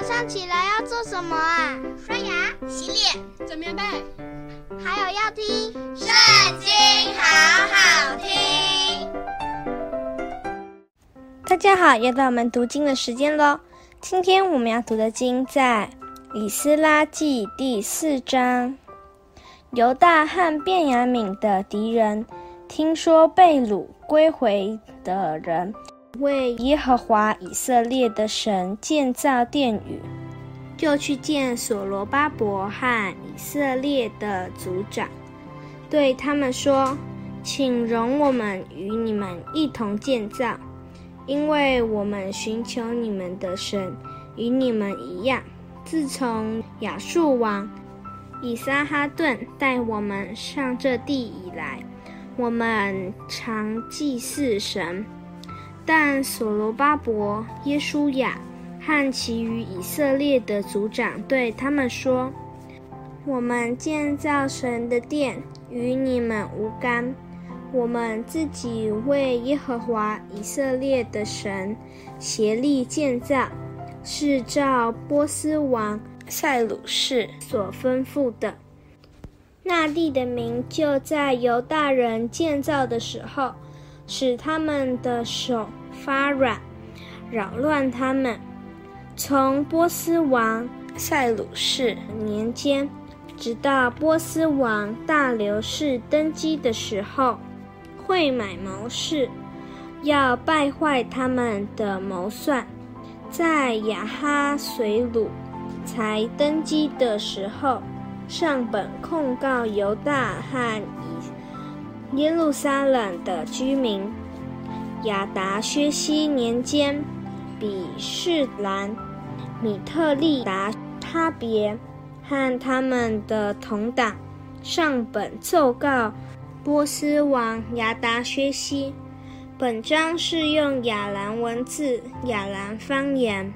早上起來要做什麼啊？刷牙、洗臉、整棉被，還有要聽《聖經》，好好聽。大家好，又到我們讀經的時間嘍。今天我們要讀的經在《以斯拉記》第四章，猶大和便雅憫的敵人，聽說被擄歸，歸回，回的人。為耶和華以色列的神建造殿宇，就去見所羅巴伯和以色列的族長，對他們說：“請容我們與你們一同建造，因為我們尋求你們的神，與你們一樣。自從亞述王以撒哈頓帶我們上這地以來，我們常祭祀神。”但所羅巴伯、耶書亞和其餘以色列的族長對他們說：“我們建造神的殿與你們無干，我們自己為耶和華以色列的神協力建造，是照波斯王塞魯士所吩咐的。那地的民就在猶大人建造的時候。”使他們的手發軟，擾亂他們。從波斯王塞魯士年間，直到波斯王大流士登基的時候，賄買謀士，要敗壞他們的謀算。在亞哈隨魯才登基的時候，上本控告猶大和耶路撒冷的居民。亞達薛西年間，比施蘭、米特利達、他別和他們的同黨上本奏告波斯王亞達薛西。本章是用亞蘭文字、亞蘭方言。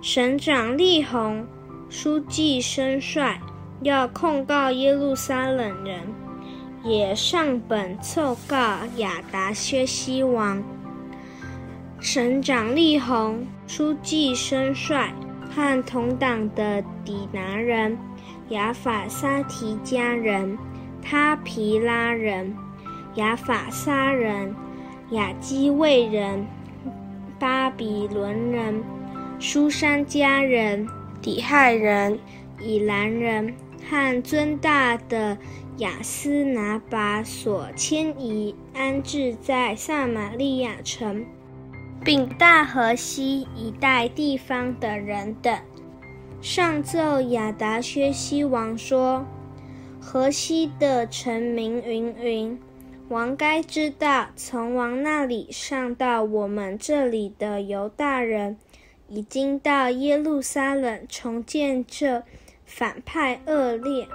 省長利宏、書記伸帥要控告耶路撒冷人。也上本奏告亞達薛西王，省長利宏、書記伸帥和同黨的底拿人、亞法薩提迦人、他毘拉人、亞法撒人、亞基衛人、巴比倫人、書珊迦人、底亥人、以攔人和尊大的。亞斯那巴所遷移安置在撒瑪利亞城，並大河西一帶地方的人等，上奏亞達薛西王說：“河西的臣民云云，王該知道，從王那裡上到我們這裡的猶大人，已經到耶路撒冷重建這反叛惡劣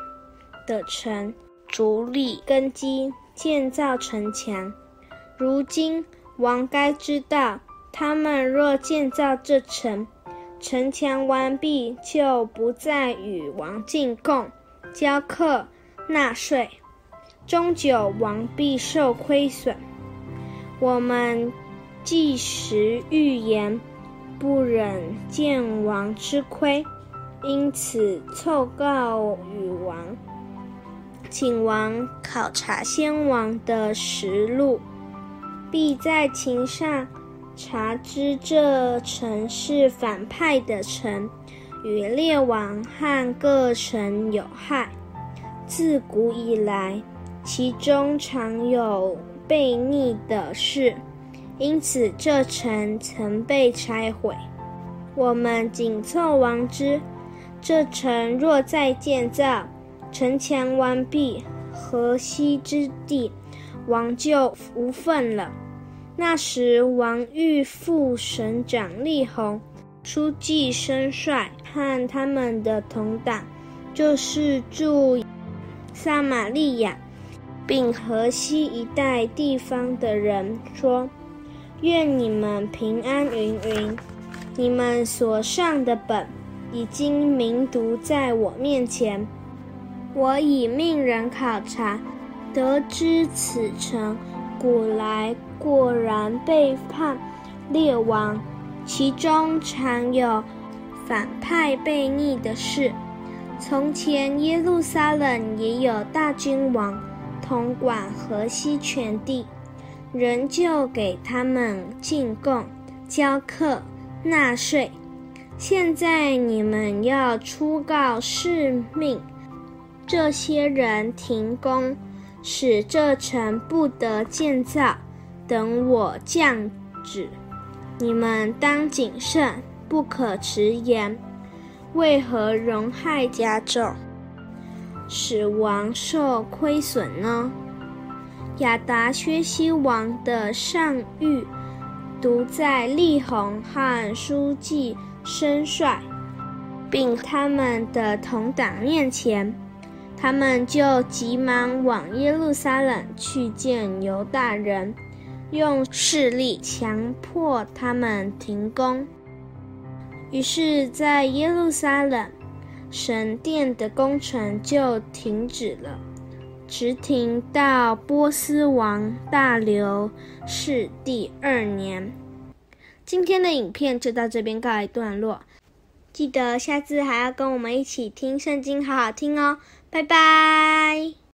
的城。”築立根基，建造城牆。如今王該知道，他們若建造這城，城牆完畢，就不再與王進貢、交課、納稅，終久王必受虧損。我們既食御鹽，不忍見王吃虧，因此奏告於王。請王考察先王的實錄，必在其上查知這城是反叛的城，與列王和各省有害。自古以來，其中常有悖逆的事，因此這城曾被拆毀。我們謹奏王知，這城若再建造。城牆完畢，河西之地，王就無分了。那時王諭覆，省長利宏、書記伸帥和他們的同黨，就是住撒瑪利亞，並河西一帶地方的人說：“願你們平安云云。”你們所上的本，已經明讀在我面前。我已命人考查，得知此城古來果然背叛列王，其中常有反叛悖逆的事。從前耶路撒冷也有大君王統管河西全地，人就給他們進貢、交課、納稅。現在你們要出告示命，這些人停工，使這城不得建造。等我降旨，你們當謹慎，不可遲延。為何容害加重，使王受虧損呢？雅達薛西王的上諭，獨在力宏和書記申帥，並他們的同黨面前。他們就急忙往耶路撒冷去見猶大人，用勢力強迫他們停工。於是，在耶路撒冷，神殿的工程就停止了，直停到波斯王大流士第二年。今天的影片就到這邊告一段落，記得下次還要跟我們一起聽聖經，好好聽哦。拜拜。